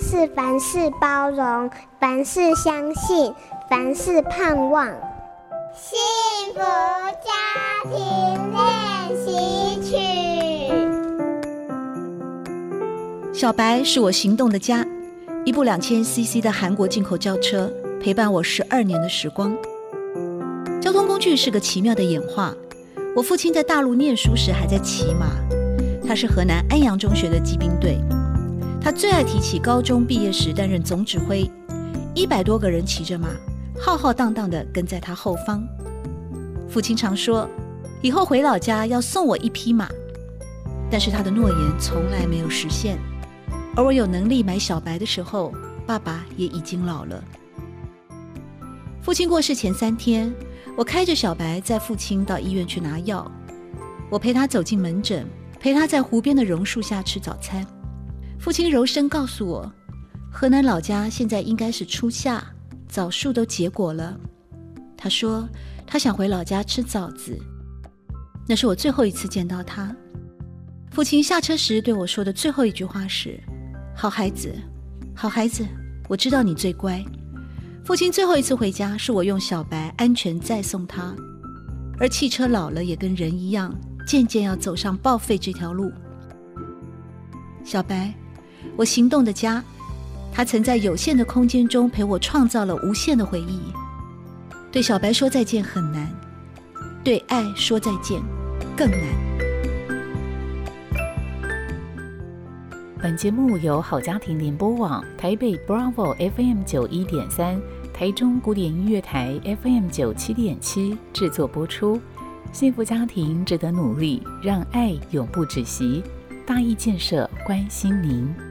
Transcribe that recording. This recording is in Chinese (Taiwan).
是凡事包容，凡事相信，凡事盼望。幸福家庭練習曲。小白是我行動的家，一部兩千 CC 的韓國進口轎車陪伴我十二年的時光。交通工具是個奇妙的演化。我父親在大陸念書時還在騎馬，他是河南安陽中學的騎兵隊。他最愛提起高中畢業時擔任總指揮，一百多個人騎着馬，浩浩蕩蕩地跟在他後方。父親常說，以後回老家要送我一匹馬，但是他的諾言從來沒有實現。而我有能力買小白的時候，爸爸也已經老了。父親過世前三天，我開着小白載父親到醫院去拿藥，我陪他走進門診，陪他在湖邊的榕樹下吃早餐。父親柔聲告訴我，河南老家現在應該是初夏，棗樹都結果了。他說他想回老家吃棗子，那是我最後一次見到他。父親下車時對我說的最後一句話是：“好孩子，好孩子，我知道你最乖。”父親最後一次回家，是我用小白安全載送他。而汽車老了，也跟人一樣，漸漸要走上報廢這條路。小白。我行動的家，它曾在有限的空間中陪我創造了無限的回憶。對小白說再見很難，對愛說再見更難。本節目由好家庭聯播網台北 Bravo FM 九一點三、台中古典音樂台 FM 九七點七製作播出。幸福家庭值得努力，讓愛永不止息。大義建設關心您。